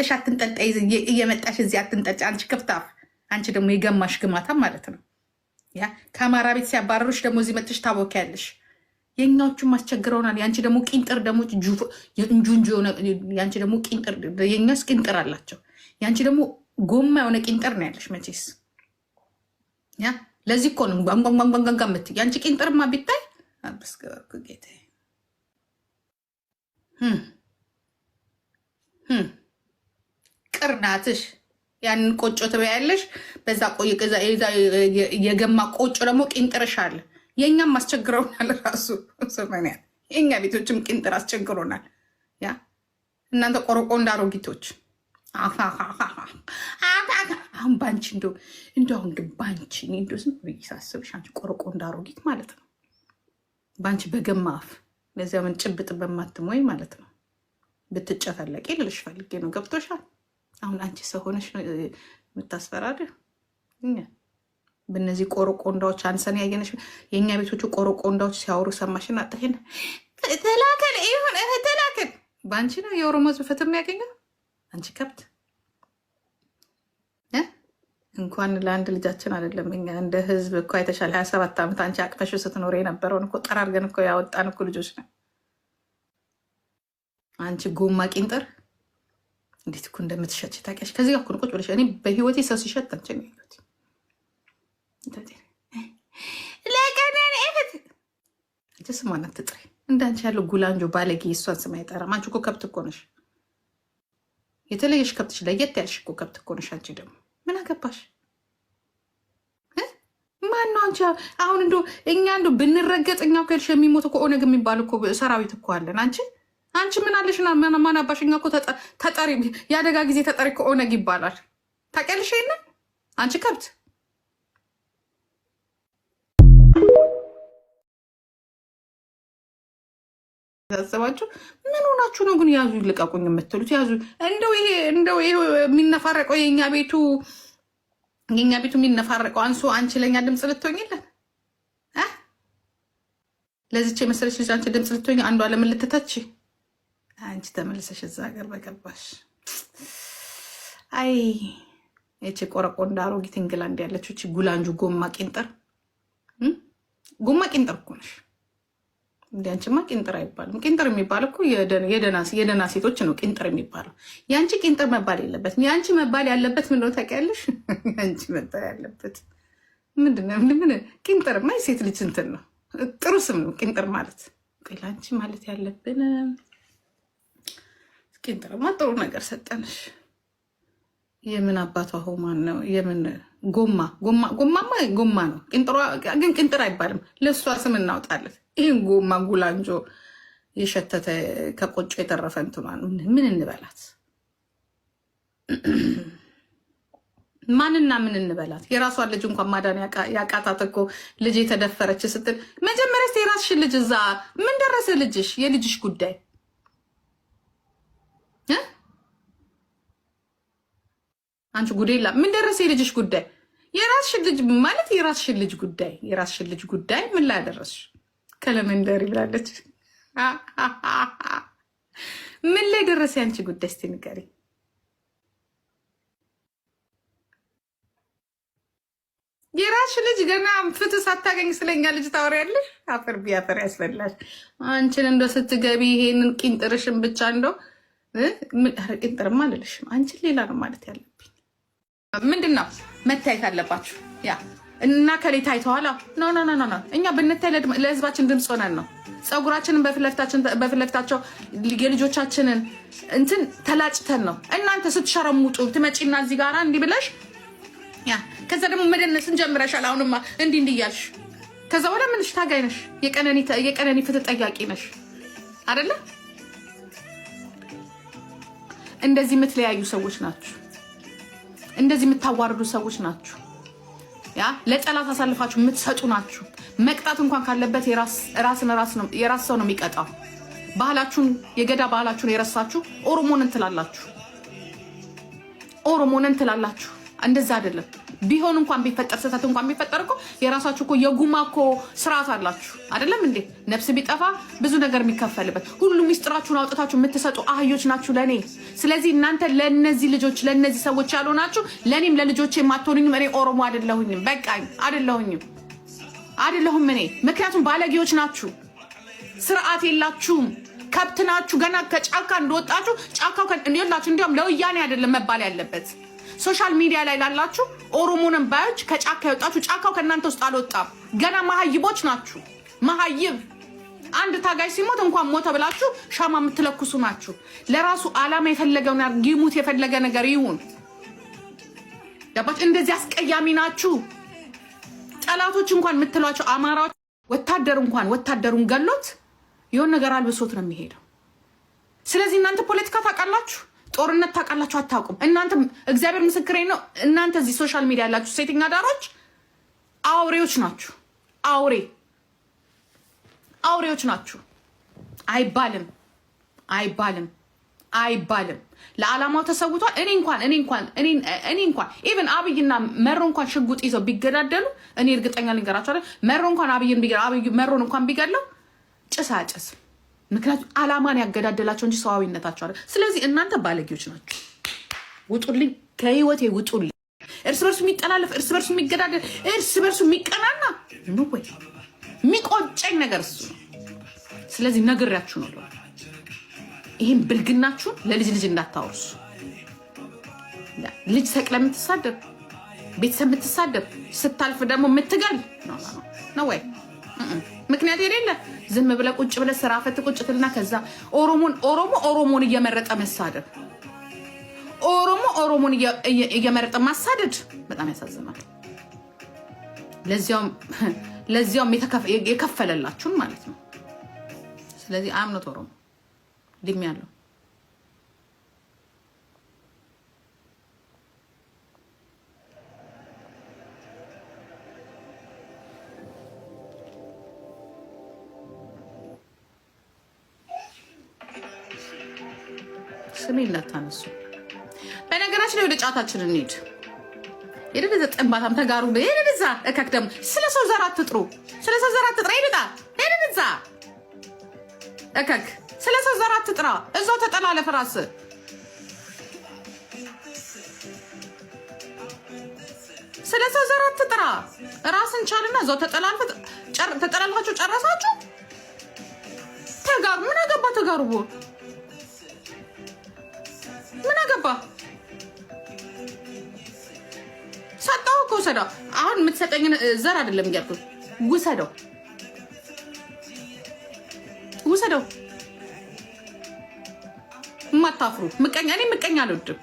ብለሽ አትንጠልጣይ፣ እየመጣሽ እዚህ አትንጠጭ። አንቺ ክፍታፍ፣ አንቺ ደግሞ የገማሽ ግማታ ማለት ነው። ያ ከአማራ ቤት ሲያባረሩሽ ደግሞ እዚህ መጥሽ ታወቂያለሽ። የኛዎቹም አስቸግረውናል። ያንቺ ደግሞ ቂንጥር ደግሞ እንጁንጁ የሆነ ያንቺ ደግሞ ቂንጥር የኛስ ቂንጥር አላቸው። ያንቺ ደግሞ ጎማ የሆነ ቂንጥር ነው ያለሽ መቼስ። ያ ለዚህ እኮ ነው ጓንጓንጓንጓንጓንጋ የምትይው። ያንቺ ቂንጥርማ ቢታይ አብስገበርኩ ጌታ። በእናትሽ ያንን ቆጮ ትበያለሽ። በዛ የገማ ቆጮ ደግሞ ቂንጥርሽ አለ። የእኛም አስቸግረውናል። ራሱ ሰማንያ የእኛ ቤቶችም ቂንጥር አስቸግሮናል። ያ እናንተ ቆርቆ እንዳሮጊቶች አሁን ባንቺ እንደ እንደ አሁን ግን ባንቺ እንደ ዝም ብዬሽ ሳስብሽ አንቺ ቆርቆ እንዳሮጊት ማለት ነው። ባንቺ በገማ አፍ ለዚያ ምን ጭብጥ በማትሞይ ማለት ነው ብትጨፈለቂ ልልሽ ፈልጌ ነው። ገብቶሻል? አሁን አንቺ ሰው ሆነሽ የምታስፈራድህ በእነዚህ ቆሮቆንዳዎች አንሰን ያየነሽ የእኛ ቤቶቹ ቆሮቆንዳዎች ሲያወሩ ሰማሽን? አጥሄን ተላከል ይሁን ተላከል። በአንቺ ነው የኦሮሞ ህዝብ ፍትህ የሚያገኘው? አንቺ ከብት እንኳን ለአንድ ልጃችን አይደለም እኛ እንደ ህዝብ እኮ የተሻለ ሀያ ሰባት ዓመት አንቺ አቅፈሽ ስትኖር የነበረውን እኮ ጠራርገን እኮ ያወጣን እኮ ልጆች ነው። አንቺ ጎማ ቂንጥር እንዴት እኮ እንደምትሸች ታውቂያለሽ። ከዚህ ጋር ቁጭ ብለሽ እኔ በህይወቴ ሰው ሲሸጥ ጠንቸኝ ህይወት ለቀነኔ ስሟን አትጥሪ። እንዳንቺ ያለው ጉላንጆ ባለጌ እሷን ስም አይጠራም። አንቺ እኮ ከብት እኮ ነሽ፣ የተለየሽ ከብትሽ፣ ለየት ያልሽ እኮ ከብት እኮ ነሽ። አንቺ ደግሞ ምን አገባሽ? አንቺ አሁን እንዶ እኛ እንዶ ብንረገጥ እኛው ከልሽ የሚሞት እኮ ኦነግ የሚባል እኮ ሰራዊት እኮ አለን አንቺ አንቺ ምን አለሽ? ማን አባሽኛ እኮ ተጠሪ የአደጋ ጊዜ ተጠሪ ከኦነግ ይባላል። ታውቂያለሽ? ይነ አንቺ ከብት ያሰባችሁ ምን ሆናችሁ ነው ግን? ያዙ ይልቀቁኝ የምትሉት ያዙ። እንደው ይሄ እንደው ይሄ የሚነፋረቀው የኛ ቤቱ የኛ ቤቱ የሚነፋረቀው አንሶ አንቺ ለኛ ድምፅ ልትሆኝለን ለዚች የመሰለች ልጅ አንቺ ድምፅ ልትሆኝ አንዷ ለምን ልትተች አንቺ ተመልሰሽ እዛ ሀገር በገባሽ። አይ ይቺ ቆረቆንዳ አሮጊት እንግላንድ ያለችው ይቺ ጉላንጁ ጎማ ቂንጥር ጎማ ቂንጥር እኮ ነሽ። አንቺማ ቂንጥር አይባልም። ቂንጥር የሚባል እኮ የደና ሴቶች ነው ቂንጥር የሚባለው። የአንቺ ቂንጥር መባል የለበትም። የአንቺ መባል ያለበት ምን ነው ታውቂያለሽ? የአንቺ መባል ያለበት ምንድን ነው? ምን ቂንጥርማ የሴት ልጅ እንትን ነው፣ ጥሩ ስም ነው ቂንጥር ማለት። ለአንቺ ማለት ያለብን ቄንጥርማ ጥሩ ነገር ሰጠንሽ። የምን አባቷ ሆማን ነው? የምን ጎማ ጎማ ጎማማ ጎማ ነው። ግን ቅንጥር አይባልም። ለእሷ ስም እናውጣለት። ይህን ጎማ ጉላንጆ የሸተተ ከቆጮ የተረፈ እንትኗን ምን እንበላት? ማንና ምን እንበላት? የራሷን ልጅ እንኳን ማዳን ያቃታት እኮ ልጅ የተደፈረች ስትል መጀመሪያ የራስሽን ልጅ እዛ ምን ደረሰ ልጅሽ? የልጅሽ ጉዳይ አንቺ ጉዳይ ላ ምን ደረሰ? የልጅሽ ጉዳይ የራስሽን ልጅ ማለት የራስሽን ልጅ ጉዳይ የራስሽን ልጅ ጉዳይ ምን ላይ ደረስሽ? ከለመንደር ይብላለች። ምን ላይ ደረሰ የአንቺ ጉዳይ? እስቲ ንገሪ። የራስሽ ልጅ ገና ፍትህ ሳታገኝ ስለኛ ልጅ ታወሪያለሽ? አፈር ቢያፈር ያስበላሽ። አንቺን እንደ ስትገቢ ይሄንን ቂንጥርሽን ብቻ እንደው ቂንጥርም አልልሽም። አንቺን ሌላ ነው ማለት ያለብኝ ምንድን ነው መታየት አለባችሁ። ያ እና ከሌ ታይተዋል። ኖ ኖ ኖ ኖ፣ እኛ ብንታይ ለህዝባችን ድምፅ ሆነን ነው። ፀጉራችንን በፊት የልጆቻችንን እንትን ተላጭተን ነው። እናንተ ስትሸረሙጡ ትመጪና እዚህ ጋራ እንዲህ ብለሽ ያ፣ ከዛ ደግሞ መደነስን ጀምረሻል። አሁንማ እንዲህ እንዲህ እያልሽ ከዛ በኋላ ምንሽ ታጋይ ነሽ፣ የቀነኒ ፍትህ ጠያቂ ነሽ አደለ? እንደዚህ የምትለያዩ ሰዎች ናችሁ። እንደዚህ የምታዋርዱ ሰዎች ናችሁ። ያ ለጠላት አሳልፋችሁ የምትሰጡ ናችሁ። መቅጣት እንኳን ካለበት የራስ ሰው ነው የሚቀጣው። ባህላችሁን የገዳ ባህላችሁን የረሳችሁ ኦሮሞን ትላላችሁ፣ ኦሮሞን ትላላችሁ። እንደዛ አይደለም። ቢሆን እንኳን ቢፈጠር ስህተት እንኳን ቢፈጠር እኮ የራሳችሁ እኮ የጉማ እኮ ስርዓት አላችሁ አይደለም እንዴ? ነፍስ ቢጠፋ ብዙ ነገር የሚከፈልበት ሁሉ ሚስጥራችሁን አውጥታችሁ የምትሰጡ አህዮች ናችሁ ለእኔ። ስለዚህ እናንተ ለእነዚህ ልጆች ለእነዚህ ሰዎች ያልሆናችሁ ለእኔም ለልጆች የማትሆኑኝም። እኔ ኦሮሞ አይደለሁኝም፣ በቃኝ፣ አይደለሁኝም፣ አይደለሁም እኔ። ምክንያቱም ባለጌዎች ናችሁ፣ ስርዓት የላችሁም ከብት ናችሁ። ገና ከጫካ እንደወጣችሁ ጫካው የላችሁ። እንዲያውም ለወያኔ አይደለም መባል ያለበት ሶሻል ሚዲያ ላይ ላላችሁ ኦሮሞንን ባዮች ከጫካ ይወጣችሁ ጫካው ከእናንተ ውስጥ አልወጣም። ገና መሀይቦች ናችሁ። መሀይብ አንድ ታጋይ ሲሞት እንኳን ሞተ ብላችሁ ሻማ የምትለኩሱ ናችሁ። ለራሱ አላማ የፈለገው ይሙት፣ የፈለገ ነገር ይሁን። ገባችሁ? እንደዚህ አስቀያሚ ናችሁ። ጠላቶች እንኳን የምትሏቸው አማራዎች ወታደር እንኳን ወታደሩን ገሎት የሆን ነገር አልብሶት ነው የሚሄደው። ስለዚህ እናንተ ፖለቲካ ታውቃላችሁ። ጦርነት ታውቃላችሁ አታውቁም? እናንተ እግዚአብሔር ምስክሬ ነው። እናንተ እዚህ ሶሻል ሚዲያ ያላችሁ ሴተኛ አዳሮች አውሬዎች ናችሁ። አውሬ አውሬዎች ናችሁ። አይባልም አይባልም አይባልም። ለዓላማው ተሰውቷል። እኔ እንኳን እኔ እንኳን እኔ እንኳን ኢቨን አብይና መሮ እንኳን ሽጉጥ ይዘው ቢገዳደሉ እኔ እርግጠኛ ልንገራቸዋለን። መሮ እንኳን አብይን መሮን እንኳን ቢገለው ጭስ አያጨስም። ምክንያቱም አላማን ያገዳደላቸው እንጂ ሰዋዊነታቸው አለ። ስለዚህ እናንተ ባለጌዎች ናቸው። ውጡልኝ፣ ከህይወቴ ውጡልኝ። እርስ በርሱ የሚጠላለፍ እርስ በርሱ የሚገዳደል እርስ በርሱ የሚቀናና የሚቆጨኝ ነገር እሱ ነው። ስለዚህ ነግሬያችሁ ነው ይህን ብልግናችሁን ለልጅ ልጅ እንዳታወርሱ። ልጅ ሰቅለ የምትሳደብ ቤተሰብ የምትሳደብ ስታልፍ ደግሞ የምትገል ነው ወይ ምክንያት የሌለ ዝም ብለ ቁጭ ብለ ስራ ፈት ቁጭ ትልና ከዛ ኦሮሞን ኦሮሞ ኦሮሞን እየመረጠ መሳደድ ኦሮሞ ኦሮሞን እየመረጠ ማሳደድ በጣም ያሳዝናል። ለዚያውም የከፈለላችሁን ማለት ነው። ስለዚህ አምኖት ኦሮሞ ድሜ ያለው ስሜ ላታነሱ። በነገራችን ላይ ወደ ጫታችን እንሂድ። የደደዘ ጥንባታም ተጋሩ የደደዛ እከክ ደግሞ ስለ ሰው ዘር አትጥሩ፣ ስለ ሰው ዘር አትጥራ። ይብጣ የደደዛ እከክ ስለ ሰው ዘር አትጥራ። እዛው ተጠላለፈ ራስ ስለ ሰው ዘር አትጥራ። ራስን ቻልና እዛው ተጠላልፋችሁ ጨረሳችሁ። ተጋሩ ምን አገባ ተጋሩ ምን አገባ? ሰጠው እኮ ውሰደው። አሁን የምትሰጠኝ ዘር አይደለም እያልኩት፣ ውሰደው ውሰደው። የማታፍሩ ምቀኛ፣ እኔ ምቀኛ አልወድም።